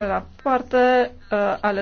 rapoarte uh, ale